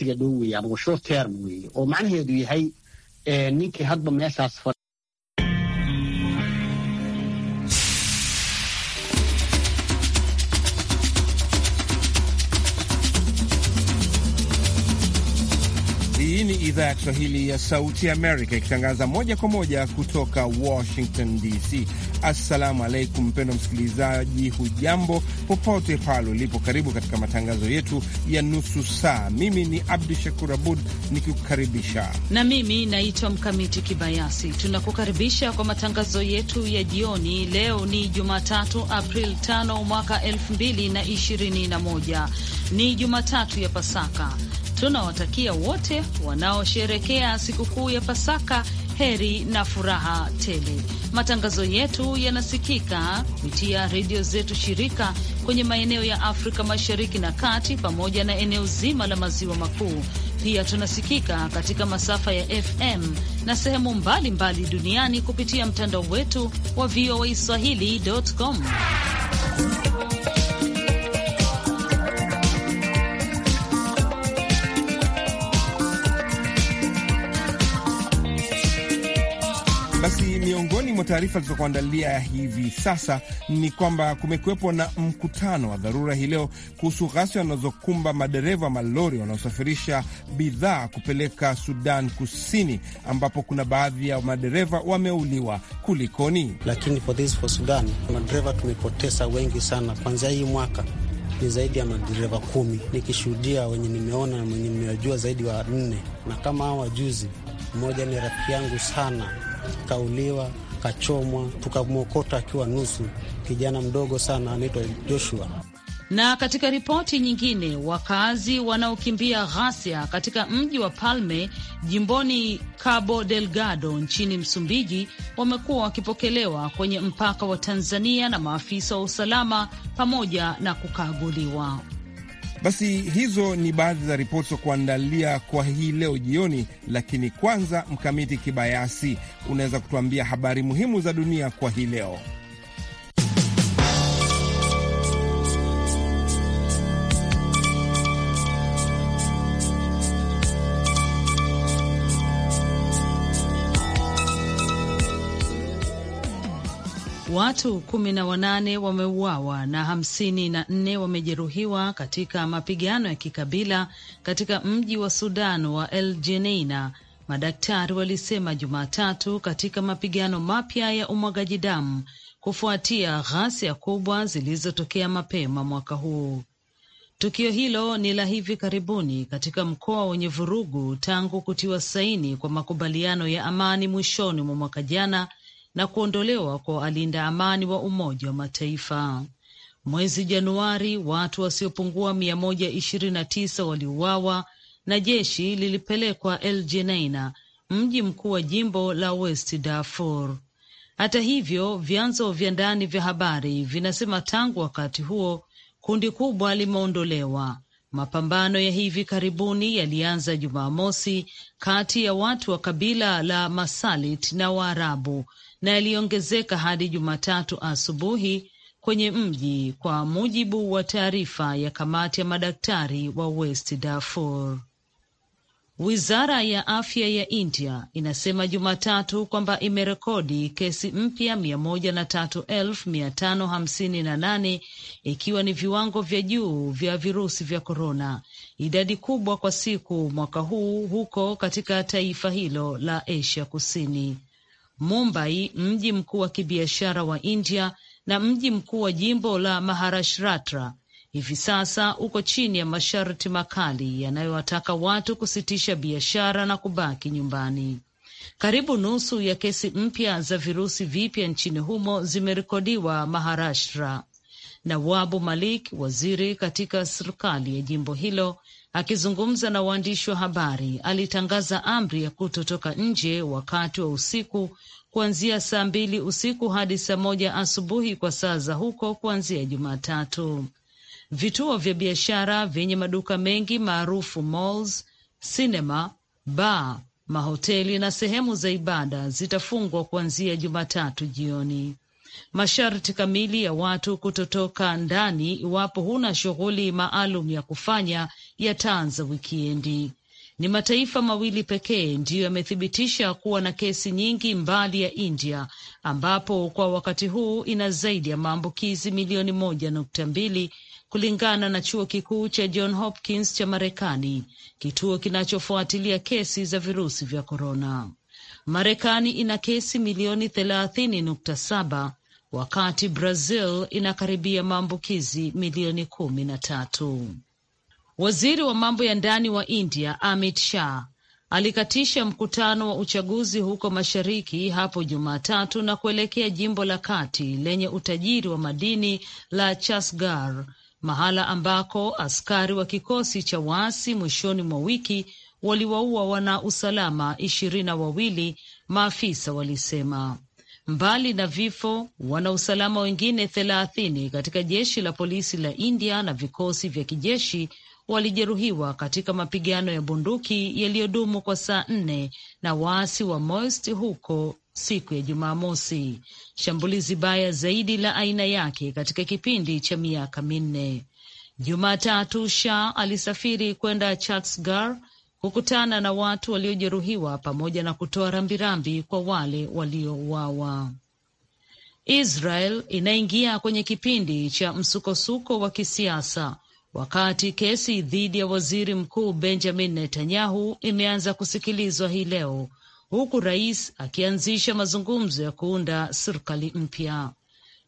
watiga dhow weeye ama short term weeye oo macnaheedu yahay eh, ninkii hadba meeshaas idhaa ya Kiswahili ya Sauti Amerika ikitangaza moja kwa moja kutoka Washington DC. Assalamu alaikum, mpendo msikilizaji, hujambo popote pale ulipo. Karibu katika matangazo yetu ya nusu saa. Mimi ni Abdu Shakur Abud nikikukaribisha, na mimi naitwa Mkamiti Kibayasi. Tunakukaribisha kwa matangazo yetu ya jioni. Leo ni Jumatatu, April 5 mwaka 2021, ni Jumatatu ya Pasaka. Tunawatakia wote wanaosherekea sikukuu ya Pasaka heri na furaha tele. Matangazo yetu yanasikika kupitia redio zetu shirika kwenye maeneo ya Afrika Mashariki na Kati pamoja na eneo zima la Maziwa Makuu. Pia tunasikika katika masafa ya FM na sehemu mbalimbali duniani kupitia mtandao wetu wa VOA Swahili.com. mwa taarifa zilizokuandalia hivi sasa ni kwamba kumekuwepo na mkutano wa dharura hii leo kuhusu ghasia wanazokumba madereva wa malori wanaosafirisha bidhaa kupeleka Sudan Kusini, ambapo kuna baadhi ya madereva wameuliwa. Kulikoni? Lakini for this, for Sudan, madereva tumepoteza wengi sana kwanzia hii mwaka ni zaidi ya madereva kumi, nikishuhudia wenye nimeona na wenye nimewajua zaidi wa nne, na kama hao wajuzi, mmoja ni rafiki yangu sana kauliwa akachomwa, tukamwokota akiwa nusu, kijana mdogo sana anaitwa Joshua. Na katika ripoti nyingine, wakazi wanaokimbia ghasia katika mji wa Palme jimboni Cabo Delgado nchini Msumbiji wamekuwa wakipokelewa kwenye mpaka wa Tanzania na maafisa wa usalama pamoja na kukaguliwa. Basi hizo ni baadhi za ripoti za kuandalia kwa hii leo jioni, lakini kwanza, Mkamiti Kibayasi, unaweza kutuambia habari muhimu za dunia kwa hii leo. Watu kumi na wanane wameuawa na hamsini na nne wamejeruhiwa katika mapigano ya kikabila katika mji wa Sudan wa El Jeneina, madaktari walisema Jumatatu, katika mapigano mapya ya umwagaji damu kufuatia ghasia kubwa zilizotokea mapema mwaka huu. Tukio hilo ni la hivi karibuni katika mkoa wenye vurugu tangu kutiwa saini kwa makubaliano ya amani mwishoni mwa mwaka jana na kuondolewa kwa walinda amani wa Umoja wa Mataifa. Mwezi Januari, watu wasiopungua 129 waliuawa na jeshi lilipelekwa El Geneina, mji mkuu wa jimbo la West Darfur. Hata hivyo, vyanzo vya ndani vya habari vinasema tangu wakati huo kundi kubwa limeondolewa Mapambano ya hivi karibuni yalianza Jumamosi kati ya watu wa kabila la Masalit na Waarabu na yaliongezeka hadi Jumatatu asubuhi kwenye mji, kwa mujibu wa taarifa ya kamati ya madaktari wa West Darfur. Wizara ya afya ya India inasema Jumatatu kwamba imerekodi kesi mpya mia moja na tatu elfu mia tano hamsini na nane ikiwa ni viwango vya juu vya virusi vya korona, idadi kubwa kwa siku mwaka huu huko katika taifa hilo la Asia Kusini. Mumbai, mji mkuu wa kibiashara wa India na mji mkuu wa jimbo la Maharashtra, hivi sasa uko chini ya masharti makali yanayowataka watu kusitisha biashara na kubaki nyumbani. Karibu nusu ya kesi mpya za virusi vipya nchini humo zimerekodiwa Maharashtra. Nawabu Malik, waziri katika serikali ya jimbo hilo, akizungumza na waandishi wa habari, alitangaza amri ya kutotoka nje wakati wa usiku kuanzia saa mbili usiku hadi saa moja asubuhi kwa saa za huko kuanzia Jumatatu vituo vya biashara vyenye maduka mengi maarufu malls, sinema, baa, mahoteli na sehemu za ibada zitafungwa kuanzia Jumatatu jioni. Masharti kamili ya watu kutotoka ndani iwapo huna shughuli maalum ya kufanya yataanza wikiendi. Ni mataifa mawili pekee ndiyo yamethibitisha kuwa na kesi nyingi mbali ya India, ambapo kwa wakati huu ina zaidi ya maambukizi milioni moja nukta mbili kulingana na chuo kikuu cha John Hopkins cha Marekani, kituo kinachofuatilia kesi za virusi vya korona. Marekani ina kesi milioni thelathini nukta saba wakati Brazil inakaribia maambukizi milioni kumi na tatu. Waziri wa mambo ya ndani wa India Amit Shah alikatisha mkutano wa uchaguzi huko mashariki hapo Jumatatu na kuelekea jimbo la kati lenye utajiri wa madini la Chasgar mahala ambako askari wa kikosi cha waasi mwishoni mwa wiki waliwaua wana usalama ishirini na wawili, maafisa walisema. Mbali na vifo, wana usalama wengine thelathini katika jeshi la polisi la India na vikosi vya kijeshi walijeruhiwa katika mapigano ya bunduki yaliyodumu kwa saa nne na waasi wa Maoist huko siku ya Jumamosi, shambulizi baya zaidi la aina yake katika kipindi cha miaka minne. Jumatatu, Shah alisafiri kwenda Chatsgar kukutana na watu waliojeruhiwa pamoja na kutoa rambirambi kwa wale waliouawa. Israel inaingia kwenye kipindi cha msukosuko wa kisiasa wakati kesi dhidi ya waziri mkuu Benjamin Netanyahu imeanza kusikilizwa hii leo huku rais akianzisha mazungumzo ya kuunda serikali mpya.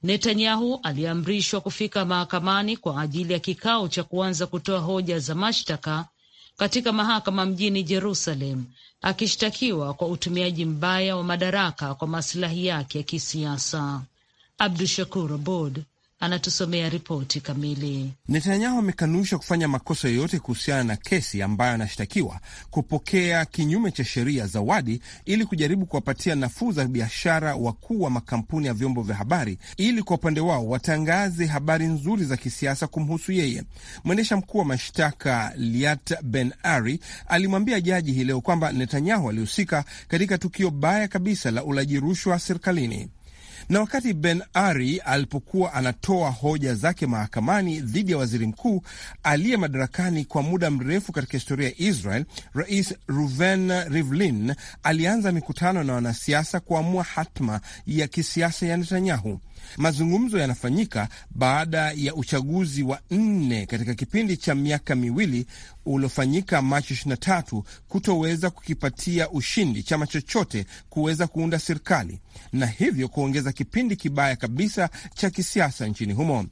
Netanyahu aliamrishwa kufika mahakamani kwa ajili ya kikao cha kuanza kutoa hoja za mashtaka katika mahakama mjini Jerusalem, akishtakiwa kwa utumiaji mbaya wa madaraka kwa masilahi yake ya kisiasa. Abdu Shakur Abod, anatusomea ripoti kamili. Netanyahu amekanusha kufanya makosa yoyote kuhusiana na kesi ambayo anashtakiwa kupokea kinyume cha sheria zawadi ili kujaribu kuwapatia nafuu za biashara wakuu wa makampuni ya vyombo vya habari ili kwa upande wao watangaze habari nzuri za kisiasa kumhusu yeye. Mwendesha mkuu wa mashtaka Liat Ben Ari alimwambia jaji hii leo kwamba Netanyahu alihusika katika tukio baya kabisa la ulaji rushwa serikalini. Na wakati Ben Ari alipokuwa anatoa hoja zake mahakamani dhidi ya waziri mkuu aliye madarakani kwa muda mrefu katika historia ya Israel, Rais Ruven Rivlin alianza mikutano na wanasiasa kuamua hatma ya kisiasa ya Netanyahu. Mazungumzo yanafanyika baada ya uchaguzi wa nne katika kipindi cha miaka miwili uliofanyika Machi 23 kutoweza kukipatia ushindi chama chochote kuweza kuunda serikali na hivyo kuongeza kipindi kibaya kabisa cha kisiasa nchini humo.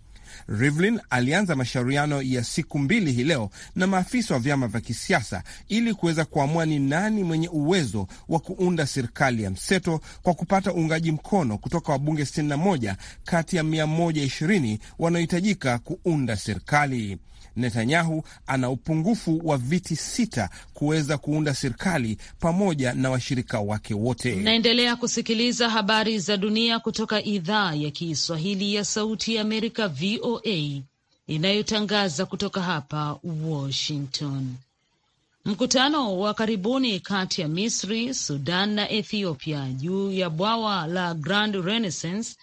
Rivlin alianza mashauriano ya siku mbili hii leo na maafisa wa vyama vya kisiasa ili kuweza kuamua ni nani mwenye uwezo wa kuunda serikali ya mseto kwa kupata uungaji mkono kutoka wabunge 61 kati ya 120 wanaohitajika kuunda serikali. Netanyahu ana upungufu wa viti sita kuweza kuunda serikali pamoja na washirika wake wote. Naendelea kusikiliza habari za dunia kutoka idhaa ya Kiswahili ya Sauti ya Amerika, VOA, inayotangaza kutoka hapa Washington. Mkutano wa karibuni kati ya Misri, Sudan na Ethiopia juu ya bwawa la Grand Renaissance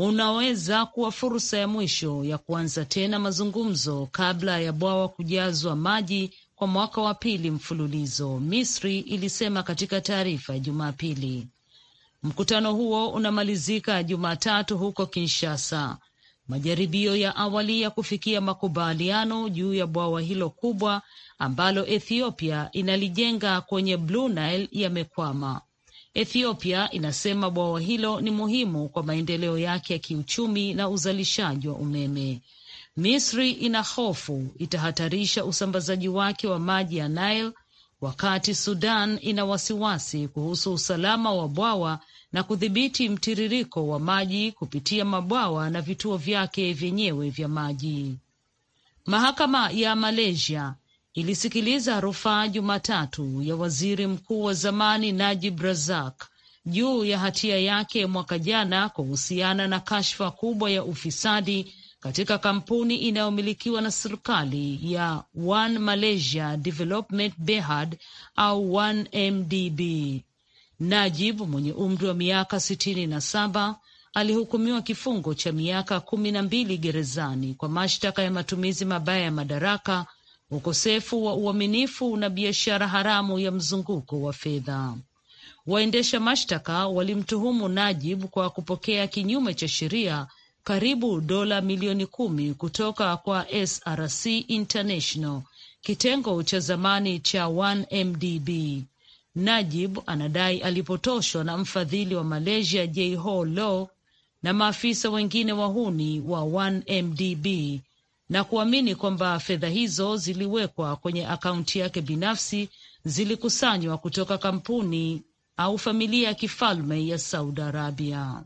unaweza kuwa fursa ya mwisho ya kuanza tena mazungumzo kabla ya bwawa kujazwa maji kwa mwaka wa pili mfululizo, Misri ilisema katika taarifa ya Jumapili. Mkutano huo unamalizika Jumatatu huko Kinshasa. Majaribio ya awali ya kufikia makubaliano juu ya bwawa hilo kubwa ambalo Ethiopia inalijenga kwenye Blue Nile yamekwama Ethiopia inasema bwawa hilo ni muhimu kwa maendeleo yake ya kiuchumi na uzalishaji wa umeme. Misri ina hofu itahatarisha usambazaji wake wa maji ya Nile, wakati Sudan ina wasiwasi kuhusu usalama wa bwawa na kudhibiti mtiririko wa maji kupitia mabwawa na vituo vyake vyenyewe vya maji. Mahakama ya Malaysia ilisikiliza rufaa Jumatatu ya waziri mkuu wa zamani Najib Razak juu ya hatia yake mwaka jana kuhusiana na kashfa kubwa ya ufisadi katika kampuni inayomilikiwa na serikali ya One Malaysia Development Berhad au 1MDB. Najib mwenye umri wa miaka sitini na saba alihukumiwa kifungo cha miaka kumi na mbili gerezani kwa mashtaka ya matumizi mabaya ya madaraka ukosefu wa uaminifu na biashara haramu ya mzunguko wa fedha. Waendesha mashtaka walimtuhumu Najib kwa kupokea kinyume cha sheria karibu dola milioni kumi kutoka kwa SRC International, kitengo cha zamani cha 1MDB. Najib anadai alipotoshwa na mfadhili wa Malaysia J Ho Law na maafisa wengine wahuni wa 1MDB na kuamini kwamba fedha hizo ziliwekwa kwenye akaunti yake binafsi, zilikusanywa kutoka kampuni au familia ya kifalme ya Saudi Arabia.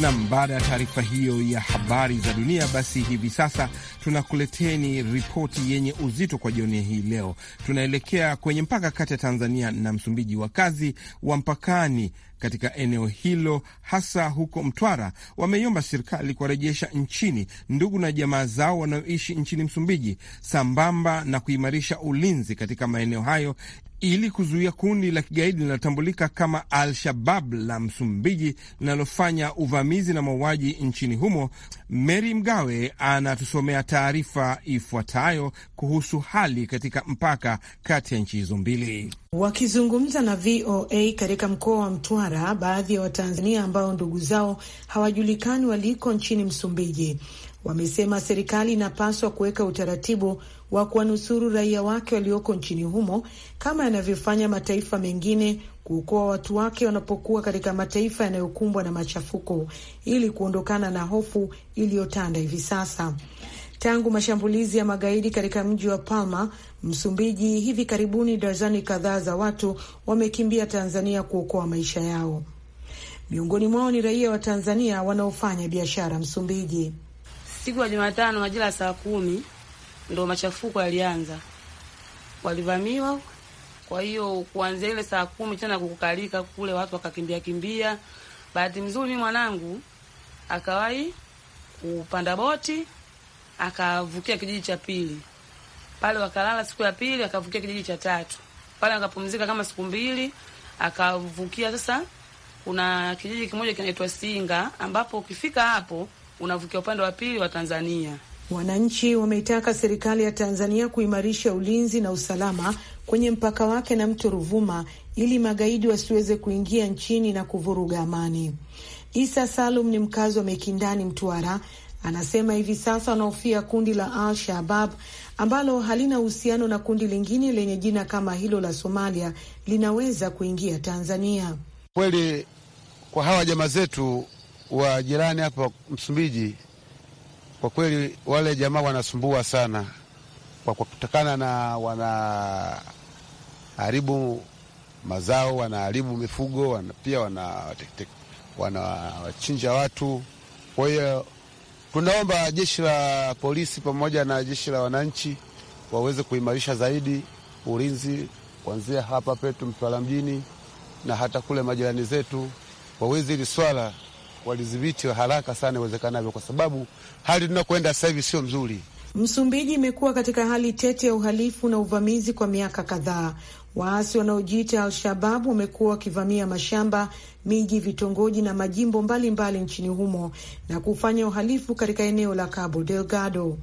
Nam, baada ya taarifa hiyo ya habari za dunia, basi hivi sasa tunakuleteni ripoti yenye uzito kwa jioni hii leo. Tunaelekea kwenye mpaka kati ya Tanzania na Msumbiji. Wakazi wa mpakani katika eneo hilo hasa huko Mtwara wameiomba serikali kuwarejesha nchini ndugu na jamaa zao wanaoishi nchini Msumbiji, sambamba na kuimarisha ulinzi katika maeneo hayo ili kuzuia kundi la kigaidi linalotambulika kama Al-Shabab la Msumbiji linalofanya uvamizi na mauaji nchini humo. Mary Mgawe anatusomea taarifa ifuatayo kuhusu hali katika mpaka kati ya nchi hizo mbili. Wakizungumza na VOA katika mkoa wa Mtwara, baadhi ya Watanzania ambao ndugu zao hawajulikani waliko nchini Msumbiji wamesema serikali inapaswa kuweka utaratibu wa kuwanusuru raia wake walioko nchini humo kama yanavyofanya mataifa mengine kuokoa watu wake wanapokuwa katika mataifa yanayokumbwa na machafuko ili kuondokana na hofu iliyotanda hivi sasa. Tangu mashambulizi ya magaidi katika mji wa Palma, Msumbiji, hivi karibuni, darzani kadhaa za watu wamekimbia Tanzania kuokoa maisha yao. Miongoni mwao ni raia wa Tanzania wanaofanya biashara Msumbiji siku ya Jumatano majira ya saa kumi ndo machafuko yalianza, walivamiwa. Kwa hiyo kuanzia ile saa kumi tena kukalika kule, watu wakakimbia kimbia. Bahati mzuri mi mwanangu akawahi kupanda boti akavukia kijiji cha pili pale, wakalala siku ya pili, akavukia kijiji cha tatu pale, akapumzika kama siku mbili, akavukia sasa. Kuna kijiji kimoja kinaitwa Singa, ambapo ukifika hapo unavukia upande wa pili wa Tanzania. Wananchi wameitaka serikali ya Tanzania kuimarisha ulinzi na usalama kwenye mpaka wake na mto Ruvuma ili magaidi wasiweze kuingia nchini na kuvuruga amani. Isa Salum ni mkazi wa Mekindani, Mtwara, anasema hivi sasa wanaofia kundi la Al Shabab ambalo halina uhusiano na kundi lingine lenye jina kama hilo la Somalia linaweza kuingia Tanzania. Kweli kwa hawa jamaa zetu wa jirani hapa Msumbiji, kwa kweli wale jamaa wanasumbua sana kwa kutokana na haribu mazao, wanaharibu mifugo, wana, pia wanawachinja wana, watu. Kwa hiyo tunaomba jeshi la polisi pamoja na jeshi la wananchi waweze kuimarisha zaidi ulinzi kuanzia hapa petu Mtwara mjini na hata kule majirani zetu, waweze hili swala walidhibiti haraka sana iwezekanavyo, kwa sababu hali tunakwenda sasa hivi sio mzuri. Msumbiji imekuwa katika hali tete ya uhalifu na uvamizi kwa miaka kadhaa. Waasi wanaojiita Al-Shabab wamekuwa wakivamia mashamba, miji, vitongoji na majimbo mbalimbali mbali nchini humo na kufanya uhalifu katika eneo la Cabo Delgado.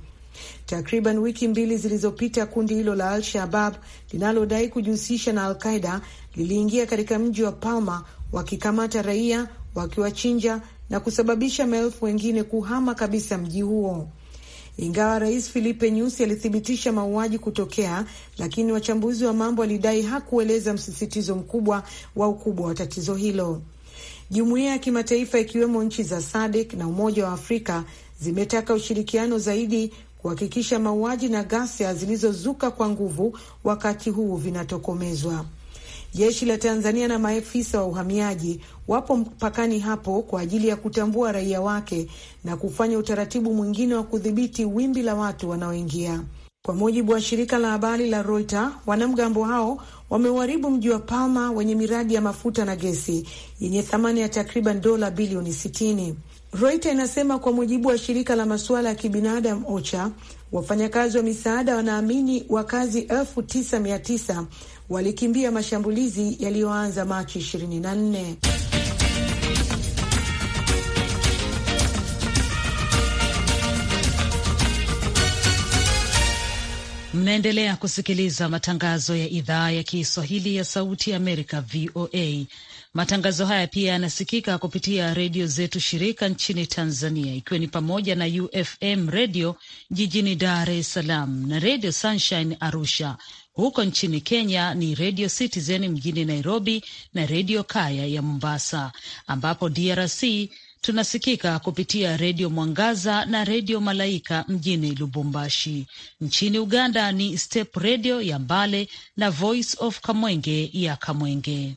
Takriban wiki mbili zilizopita, kundi hilo la Al-Shabab linalodai kujihusisha na Al-Qaida liliingia katika mji wa Palma wakikamata raia, wakiwachinja na kusababisha maelfu wengine kuhama kabisa mji huo. Ingawa Rais Filipe Nyusi alithibitisha mauaji kutokea, lakini wachambuzi wa mambo walidai hakueleza msisitizo mkubwa wa ukubwa wa tatizo hilo. Jumuiya ya kimataifa ikiwemo nchi za SADC na Umoja wa Afrika zimetaka ushirikiano zaidi kuhakikisha mauaji na ghasia zilizozuka kwa nguvu wakati huu vinatokomezwa. Jeshi la Tanzania na maafisa wa uhamiaji wapo mpakani hapo kwa ajili ya kutambua raia wake na kufanya utaratibu mwingine wa kudhibiti wimbi la watu wanaoingia. Kwa mujibu wa shirika la habari la Reuters, wanamgambo hao wameuharibu mji wa Palma wenye miradi ya mafuta na gesi yenye thamani ya takriban dola bilioni 60. Reuters inasema kwa mujibu wa shirika la masuala ya kibinadamu OCHA, wafanyakazi wa misaada wanaamini wakazi elfu tisa mia tisa walikimbia mashambulizi yaliyoanza Machi 24. Mnaendelea kusikiliza matangazo ya idhaa ya Kiswahili ya Sauti ya Amerika, VOA. Matangazo haya pia yanasikika kupitia redio zetu shirika nchini Tanzania, ikiwa ni pamoja na UFM redio jijini Dar es Salaam na redio Sunshine Arusha, huko nchini Kenya ni Radio Citizen mjini Nairobi na Radio Kaya ya Mombasa, ambapo DRC tunasikika kupitia redio Mwangaza na redio Malaika mjini Lubumbashi. Nchini Uganda ni Step redio ya Mbale na Voice of Kamwenge ya Kamwenge.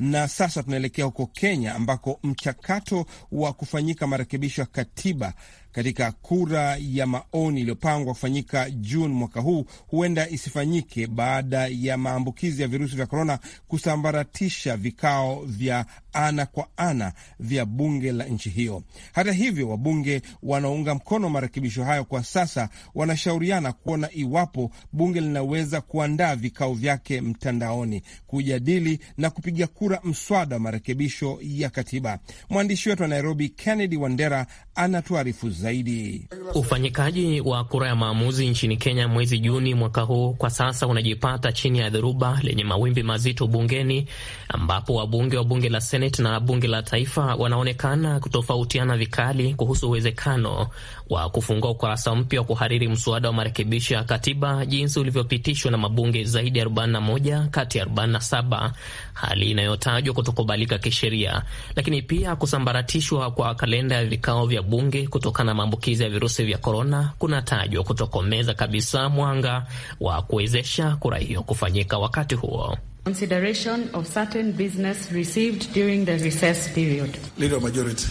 Na sasa tunaelekea huko Kenya ambako mchakato wa kufanyika marekebisho ya katiba katika kura ya maoni iliyopangwa kufanyika Juni mwaka huu huenda isifanyike baada ya maambukizi ya virusi vya korona kusambaratisha vikao vya ana kwa ana vya bunge la nchi hiyo. Hata hivyo, wabunge wanaunga mkono marekebisho hayo kwa sasa wanashauriana kuona iwapo bunge linaweza kuandaa vikao vyake mtandaoni kujadili na kupiga kura mswada wa marekebisho ya katiba. Mwandishi wetu wa Nairobi, Kennedy Wandera anatuarifu zaidi. Ufanyikaji wa kura ya maamuzi nchini Kenya mwezi Juni mwaka huu kwa sasa unajipata chini ya dhoruba lenye mawimbi mazito bungeni, ambapo wabunge wa bunge la Seneti na bunge la Taifa wanaonekana kutofautiana vikali kuhusu uwezekano wa kufungua ukurasa mpya wa kuhariri mswada wa marekebisho ya katiba jinsi ulivyopitishwa na mabunge zaidi ya 41 kati ya 47, hali inayotajwa kutokubalika kisheria, lakini pia kusambaratishwa kwa kalenda ya vikao vya ya bunge kutokana na maambukizi ya virusi vya korona kunatajwa kutokomeza kabisa mwanga wa kuwezesha kura hiyo kufanyika wakati huo. Consideration of certain business received during the recess period. Leader majority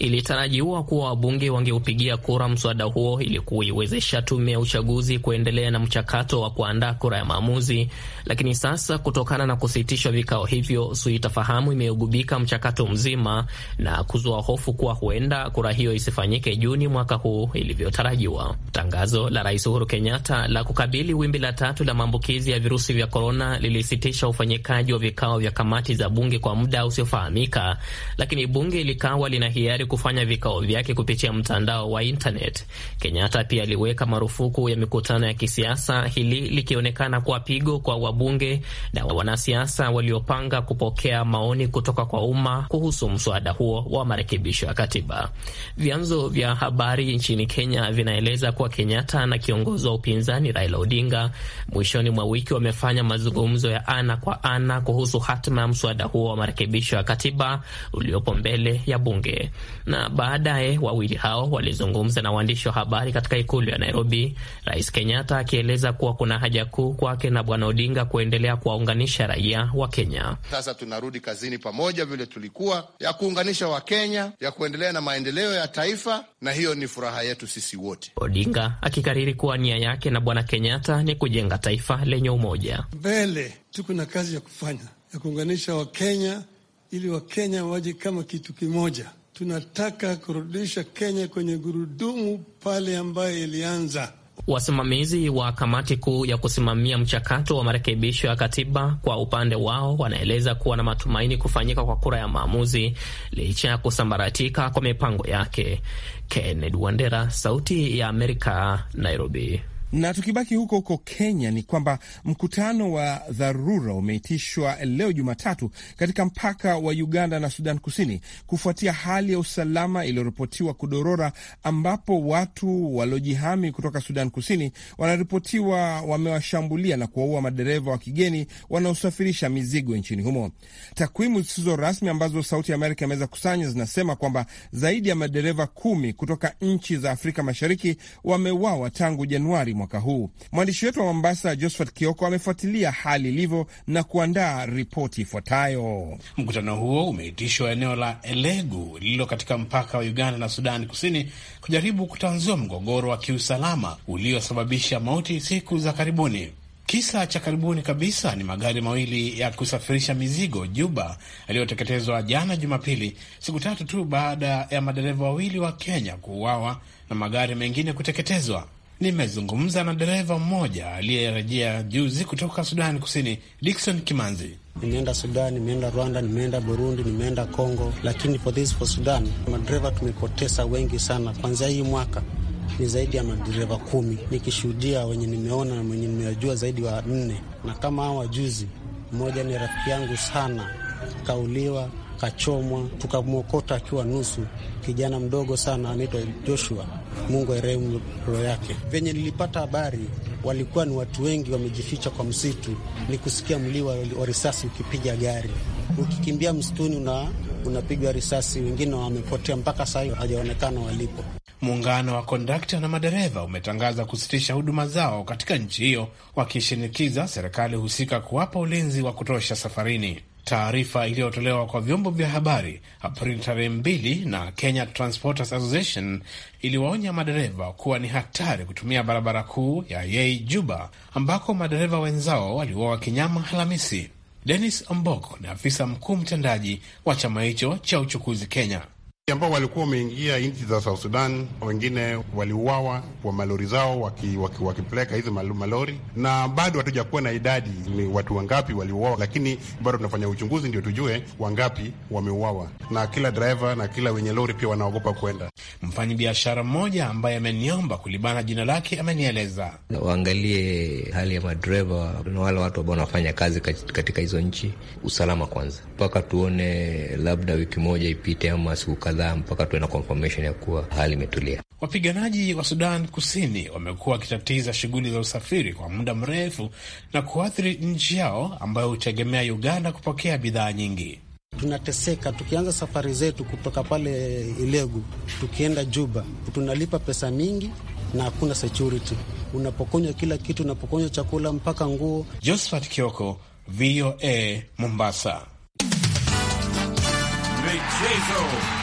Ilitarajiwa kuwa wabunge wangeupigia kura mswada huo ili kuiwezesha tume ya uchaguzi kuendelea na mchakato wa kuandaa kura ya maamuzi, lakini sasa kutokana na kusitishwa vikao hivyo, suitafahamu imeugubika mchakato mzima na kuzua hofu kuwa huenda kura hiyo isifanyike Juni mwaka huu ilivyotarajiwa. Tangazo la Rais Uhuru Kenyatta la kukabili wimbi la tatu la maambukizi ya virusi vya korona lilisitisha ufanyikaji wa vikao vya kamati za bunge kwa muda usiofahamika, lakini bunge likawa lina hiari kufanya vikao vyake kupitia mtandao wa internet. Kenyatta pia aliweka marufuku ya mikutano ya kisiasa, hili likionekana kuwa pigo kwa wabunge na wanasiasa waliopanga kupokea maoni kutoka kwa umma kuhusu mswada huo wa marekebisho ya katiba. Vyanzo vya habari nchini Kenya vinaeleza kuwa Kenyatta na kiongozi wa upinzani Raila Odinga mwishoni mwa wiki wamefanya mazungumzo ya ana kwa ana kuhusu hatima ya mswada huo wa marekebisho ya katiba uliopo mbele ya bunge na baadaye wawili hao walizungumza na waandishi wa habari katika ikulu ya Nairobi, Rais Kenyatta akieleza kuwa kuna haja kuu kwake na Bwana Odinga kuendelea kuwaunganisha raia wa Kenya. Sasa tunarudi kazini pamoja vile tulikuwa, ya kuunganisha Wakenya, ya kuendelea na maendeleo ya taifa, na hiyo ni furaha yetu sisi wote. Odinga akikariri kuwa nia yake na Bwana Kenyatta ni kujenga taifa lenye umoja. Mbele tuko na kazi ya kufanya ya kuunganisha Wakenya ili Wakenya waje kama kitu kimoja tunataka kurudisha Kenya kwenye gurudumu pale ambayo ilianza. Wasimamizi wa kamati kuu ya kusimamia mchakato wa marekebisho ya katiba kwa upande wao wanaeleza kuwa na matumaini kufanyika kwa kura ya maamuzi licha ya kusambaratika kwa mipango yake. Kennedy Wandera, Sauti ya Amerika, Nairobi. Na tukibaki huko huko Kenya, ni kwamba mkutano wa dharura umeitishwa leo Jumatatu katika mpaka wa Uganda na Sudan Kusini kufuatia hali ya usalama iliyoripotiwa kudorora, ambapo watu waliojihami kutoka Sudan Kusini wanaripotiwa wamewashambulia na kuwaua madereva wa kigeni wanaosafirisha mizigo nchini humo. Takwimu zisizo rasmi ambazo Sauti ya Amerika imeweza kusanya zinasema kwamba zaidi ya madereva kumi kutoka nchi za Afrika Mashariki wameuawa tangu Januari mwaka huu. Mwandishi wetu wa Mombasa, Josephat Kioko, amefuatilia hali ilivyo na kuandaa ripoti ifuatayo. Mkutano huo umeitishwa eneo la Elegu lililo katika mpaka wa Uganda na Sudani Kusini kujaribu kutanzua mgogoro wa kiusalama uliosababisha mauti siku za karibuni. Kisa cha karibuni kabisa ni magari mawili ya kusafirisha mizigo Juba yaliyoteketezwa jana Jumapili, siku tatu tu baada ya madereva wawili wa Kenya kuuawa na magari mengine kuteketezwa. Nimezungumza na dereva mmoja aliyerejea juzi kutoka Sudani Kusini, Dikson Kimanzi. Nimeenda Sudan, nimeenda Rwanda, nimeenda Burundi, nimeenda Congo, lakini for this for Sudan madereva tumepoteza wengi sana. Kwanzia hii mwaka ni zaidi ya madereva kumi, nikishuhudia wenye nimeona na wenye nimewajua zaidi wa nne, na kama hawa juzi mmoja ni rafiki yangu sana kauliwa akachomwa, tukamwokota akiwa nusu, kijana mdogo sana anaitwa Joshua. Mungu airehemu roho yake. Venye nilipata habari walikuwa ni watu wengi wamejificha kwa msitu, ni kusikia mlio wa risasi ukipiga gari, ukikimbia msituni una unapigwa risasi, wengine wamepotea mpaka saa hii hawajaonekana walipo. Muungano wa kondakta na madereva umetangaza kusitisha huduma zao katika nchi hiyo, wakishinikiza serikali husika kuwapa ulinzi wa kutosha safarini. Taarifa iliyotolewa kwa vyombo vya habari Aprili tarehe mbili na Kenya Transporters Association iliwaonya madereva kuwa ni hatari kutumia barabara kuu ya Yei Juba, ambako madereva wenzao waliuawa kinyama Alhamisi. Dennis Ombok ni afisa mkuu mtendaji wa chama hicho cha uchukuzi Kenya ambao walikuwa wameingia nchi za South Sudan, wengine waliuawa kwa malori zao wakipeleka waki, waki hizi malori, na bado hatujakuwa na idadi ni watu wangapi waliuawa, lakini bado tunafanya uchunguzi ndio tujue wangapi wameuawa, na kila draiva na kila wenye lori pia wanaogopa kwenda. biashara mmoja ambaye ameniomba kulibana jina lake amenieleza, waangalie hali ya madereva na wale watu ambao wanafanya kazi katika hizo nchi, usalama kwanza, mpaka tuone, labda wiki moja ipite ama siku kadhaa kadhaa mpaka tuwe na confirmation ya kuwa hali imetulia. Wapiganaji wa Sudan Kusini wamekuwa wakitatiza shughuli za usafiri kwa muda mrefu na kuathiri nchi yao ambayo hutegemea Uganda kupokea bidhaa nyingi. Tunateseka tukianza safari zetu kutoka pale Ilegu tukienda Juba, tunalipa pesa mingi na hakuna security. Unapokonywa kila kitu, unapokonywa chakula mpaka nguo. Josephat Kioko, VOA Mombasa. Michezo.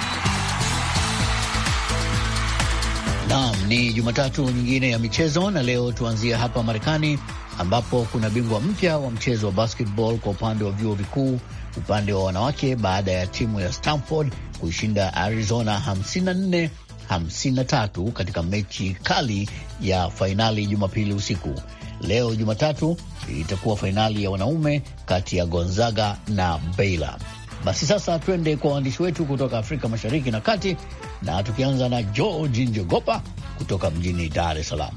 Naam, ni Jumatatu nyingine ya michezo na leo tuanzia hapa Marekani ambapo kuna bingwa mpya wa mchezo wa basketball kwa upande wa vyuo vikuu upande wa wanawake baada ya timu ya Stanford kuishinda Arizona 54 53 katika mechi kali ya fainali Jumapili usiku. Leo Jumatatu itakuwa fainali ya wanaume kati ya Gonzaga na Baylor. Basi sasa twende kwa waandishi wetu kutoka Afrika Mashariki na Kati, na tukianza na George Njogopa kutoka mjini Dar es Salaam.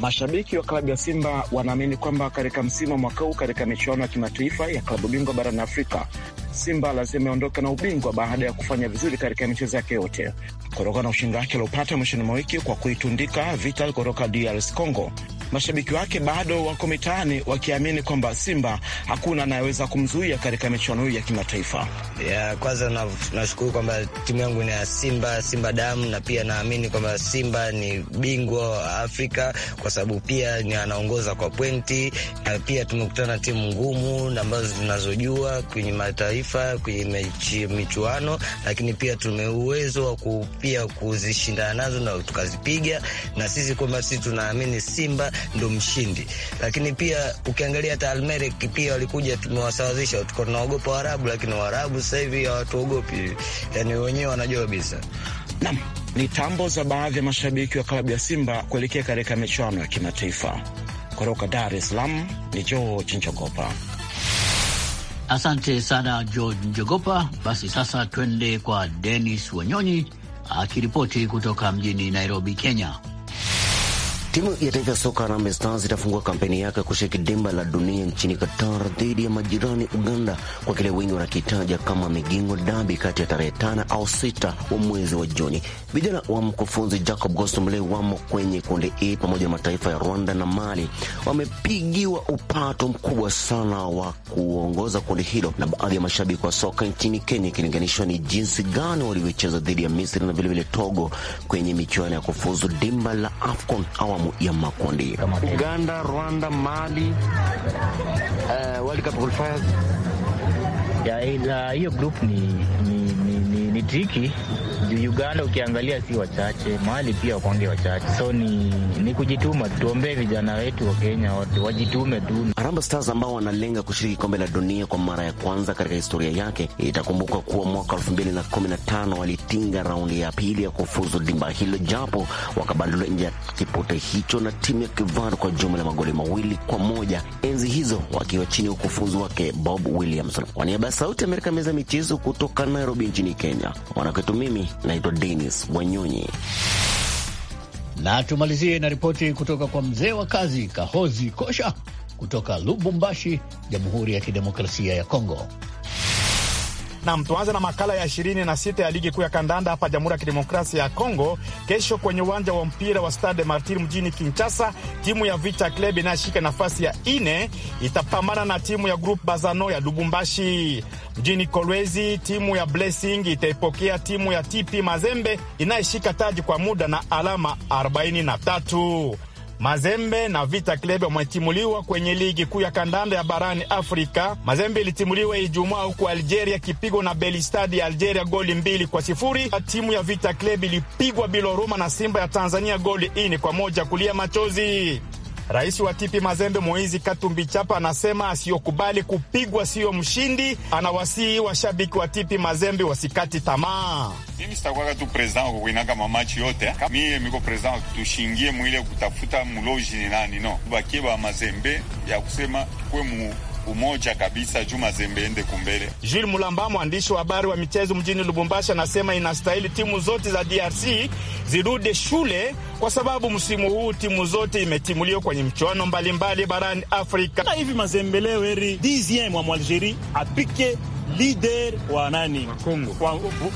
Mashabiki wa klabu ya Simba wanaamini kwamba katika msimu wa mwaka huu katika michuano ya kimataifa ya klabu bingwa barani Afrika, Simba lazima aondoke na ubingwa baada ya kufanya vizuri katika michezo yake yote, kutokana na ushindi wake aliopata mwishoni mwa wiki kwa kuitundika Vital kutoka DRC Congo mashabiki wake bado wako mitaani wakiamini kwamba Simba hakuna anayeweza kumzuia katika michuano hii ya kimataifa. Yeah, kwanza nashukuru kwamba timu yangu ni ya Simba, Simba damu, na pia naamini kwamba Simba ni bingwa wa Afrika kwa sababu pia ni anaongoza kwa pwenti na pia tumekutana timu ngumu na ambazo tunazojua kwenye mataifa, kwenye michuano, lakini pia tume uwezo wa pia kuzishindana nazo na tukazipiga, na sisi kwamba sisi tunaamini Simba ndo mshindi. Lakini pia ukiangalia hata Almerek pia walikuja, tumewasawazisha. Tuko tunaogopa Waarabu, lakini Waarabu sasa hivi hawatuogopi, yani wenyewe wanajua kabisa. Naam, ni tambo za baadhi ya mashabiki wa klabu ya Simba kuelekea katika michuano ya kimataifa. Kutoka Dar es Salaam ni George Njogopa. Asante sana George Njogopa. Basi sasa twende kwa Denis Wanyonyi akiripoti kutoka mjini Nairobi, Kenya. Timu ya taifa ya soka Harambee Stars itafungua kampeni yake kushiriki dimba la dunia nchini Qatar dhidi ya majirani Uganda kwa kile wengi wanakitaja kama Migingo Dabi kati ya tarehe tano au sita wa mwezi wa Juni. Vijana wa mkufunzi Jacob Gostomle wamo kwenye kundi E pamoja na mataifa ya Rwanda na Mali. Wamepigiwa upato mkubwa sana wa kuongoza kundi hilo na baadhi ya mashabiki wa soka nchini Kenya ikilinganishwa ni jinsi gani walivyocheza dhidi ya Misri na vilevile Togo kwenye michuano ya kufuzu dimba la AFCON au awamu ya makundi. Uganda, Rwanda, Mali, uh, World Cup qualifiers ya hiyo group ni, ni mitiki juu Uganda ukiangalia si wachache, mali pia wakonge wachache, so ni, ni kujituma. Tuombee vijana wetu wa Kenya wajitume tu. Harambee Stars ambao wanalenga kushiriki kombe la dunia kwa mara ya kwanza katika historia yake. Itakumbuka kuwa mwaka tano walitinga raundi ya pili ya kufuzu dimba hilo, japo wakabandulwa nje ya kipote hicho na timu ya Kivaru kwa jumla ya magoli mawili kwa moja, enzi hizo wakiwa chini ya ukufunzi wake Bob Williamson. Kwa niaba ya Sauti Amerika, meza michezo kutoka Nairobi nchini Kenya. Wanakwetu, mimi naitwa Denis Wanyonyi na tumalizie na ripoti kutoka kwa mzee wa kazi Kahozi Kosha kutoka Lubumbashi, Jamhuri ya Kidemokrasia ya Kongo. Nam, mtuanze na makala ya ishirini na sita ya ligi kuu ya kandanda hapa Jamhuri ya Kidemokrasia ya Kongo. Kesho kwenye uwanja wa mpira wa Stade Martir mjini Kinshasa, timu ya Vita Club inayoshika nafasi ya ine itapambana na timu ya Group Bazano ya Lubumbashi. Mjini Kolwezi, timu ya Blessing itaipokea timu ya TP Mazembe inayeshika taji kwa muda na alama 43. Mazembe na Vita Club wametimuliwa kwenye ligi kuu ya kandanda ya barani Afrika. Mazembe ilitimuliwa Ijumaa huko Algeria kipigo na Belistadi ya Algeria goli mbili kwa sifuri. Timu ya Vita Club ilipigwa bila huruma na Simba ya Tanzania goli ini kwa moja, kulia machozi. Rais wa Tipi Mazembe Moizi Katumbi Chapa anasema asiyokubali kupigwa siyo mshindi. Anawasihi washabiki wa Tipi Mazembe wasikati tamaa. Mimi sitakwaka tu president wakukwinaka mamachi yote eh? mie miko president tushingie mwile kutafuta muloji ni nani no bakie ba Mazembe ya kusema tukwe mu umoja kabisa. Juma Zembeende Kumbele. Jules Mulamba, mwandishi wa habari wa michezo mjini Lubumbashi, anasema inastahili timu zote za DRC zirude shule kwa sababu msimu huu timu zote imetimuliwa kwenye mchuano mbalimbali barani Afrika na hivi mazembeleo eri 10 wa Mwalgeri apike leader wa nani wa,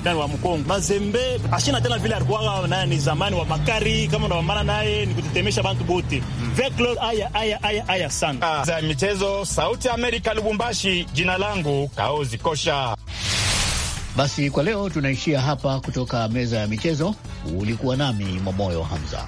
wa, wa Mkongo Mazembe ashina tena vile alikuwa nani zamani wa makari kama ndo mamana naye ni kutetemesha bantu bote mm. veklo. Aya, aya, aya, aya sana ah. za michezo. Sauti ya Amerika, Lubumbashi. Jina langu Kaozi Kosha. Basi kwa leo tunaishia hapa. Kutoka meza ya michezo, ulikuwa nami Momoyo Hamza.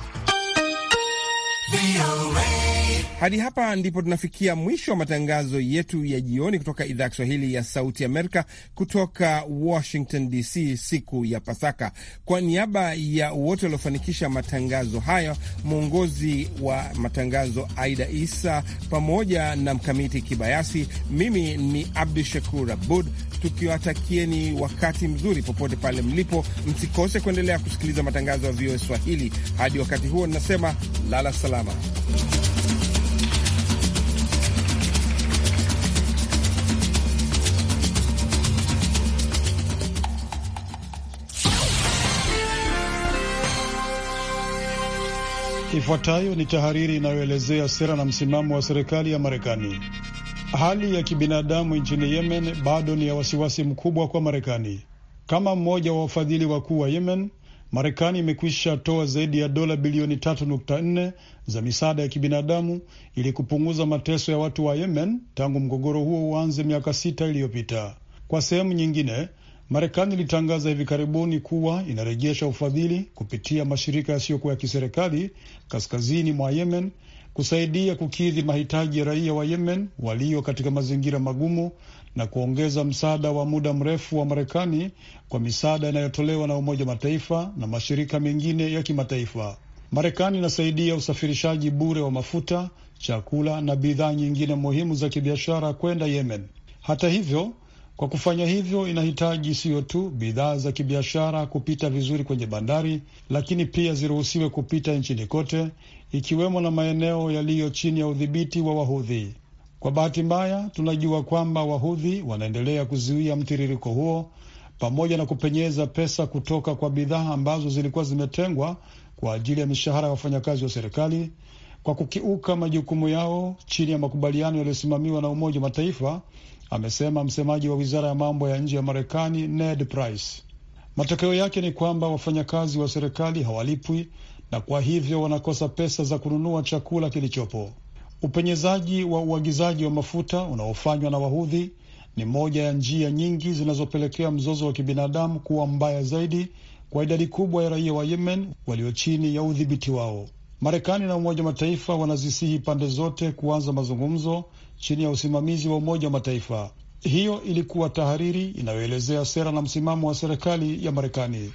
Hadi hapa ndipo tunafikia mwisho wa matangazo yetu ya jioni kutoka idhaa ya Kiswahili ya Sauti Amerika kutoka Washington DC, siku ya Pasaka. Kwa niaba ya wote waliofanikisha matangazo hayo mwongozi wa matangazo Aida Isa pamoja na Mkamiti Kibayasi, mimi ni Abdu Shakur Abud, tukiwatakieni wakati mzuri popote pale mlipo. Msikose kuendelea kusikiliza matangazo ya VOA Swahili. Hadi wakati huo, ninasema lala salama. Ifuatayo ni tahariri inayoelezea sera na msimamo wa serikali ya Marekani. Hali ya kibinadamu nchini Yemen bado ni ya wasiwasi mkubwa kwa Marekani. Kama mmoja wa wafadhili wakuu wa Yemen, Marekani imekwisha toa zaidi ya dola bilioni 3.4 za misaada ya kibinadamu ili kupunguza mateso ya watu wa Yemen tangu mgogoro huo uanze miaka sita iliyopita. Kwa sehemu nyingine, Marekani ilitangaza hivi karibuni kuwa inarejesha ufadhili kupitia mashirika yasiyokuwa ya kiserikali kaskazini mwa Yemen kusaidia kukidhi mahitaji ya raia wa Yemen walio katika mazingira magumu na kuongeza msaada wa muda mrefu wa Marekani kwa misaada inayotolewa na Umoja Mataifa na mashirika mengine ya kimataifa. Marekani inasaidia usafirishaji bure wa mafuta, chakula na bidhaa nyingine muhimu za kibiashara kwenda Yemen. Hata hivyo kwa kufanya hivyo, inahitaji siyo tu bidhaa za kibiashara kupita vizuri kwenye bandari, lakini pia ziruhusiwe kupita nchini kote, ikiwemo na maeneo yaliyo chini ya udhibiti wa Wahudhi. Kwa bahati mbaya, tunajua kwamba Wahudhi wanaendelea kuzuia mtiririko huo pamoja na kupenyeza pesa kutoka kwa bidhaa ambazo zilikuwa zimetengwa kwa ajili ya mishahara ya wafanyakazi wa serikali kwa kukiuka majukumu yao chini ya makubaliano yaliyosimamiwa na Umoja wa Mataifa amesema msemaji wa wizara ya mambo ya nje ya Marekani Ned Price. Matokeo yake ni kwamba wafanyakazi wa serikali hawalipwi na kwa hivyo wanakosa pesa za kununua chakula kilichopo. Upenyezaji wa uagizaji wa mafuta unaofanywa na Wahudhi ni moja ya njia nyingi zinazopelekea mzozo wa kibinadamu kuwa mbaya zaidi kwa idadi kubwa ya raia wa Yemen walio chini ya udhibiti wao. Marekani na Umoja wa Mataifa wanazisihi pande zote kuanza mazungumzo chini ya usimamizi wa Umoja wa Mataifa. Hiyo ilikuwa tahariri inayoelezea sera na msimamo wa serikali ya Marekani.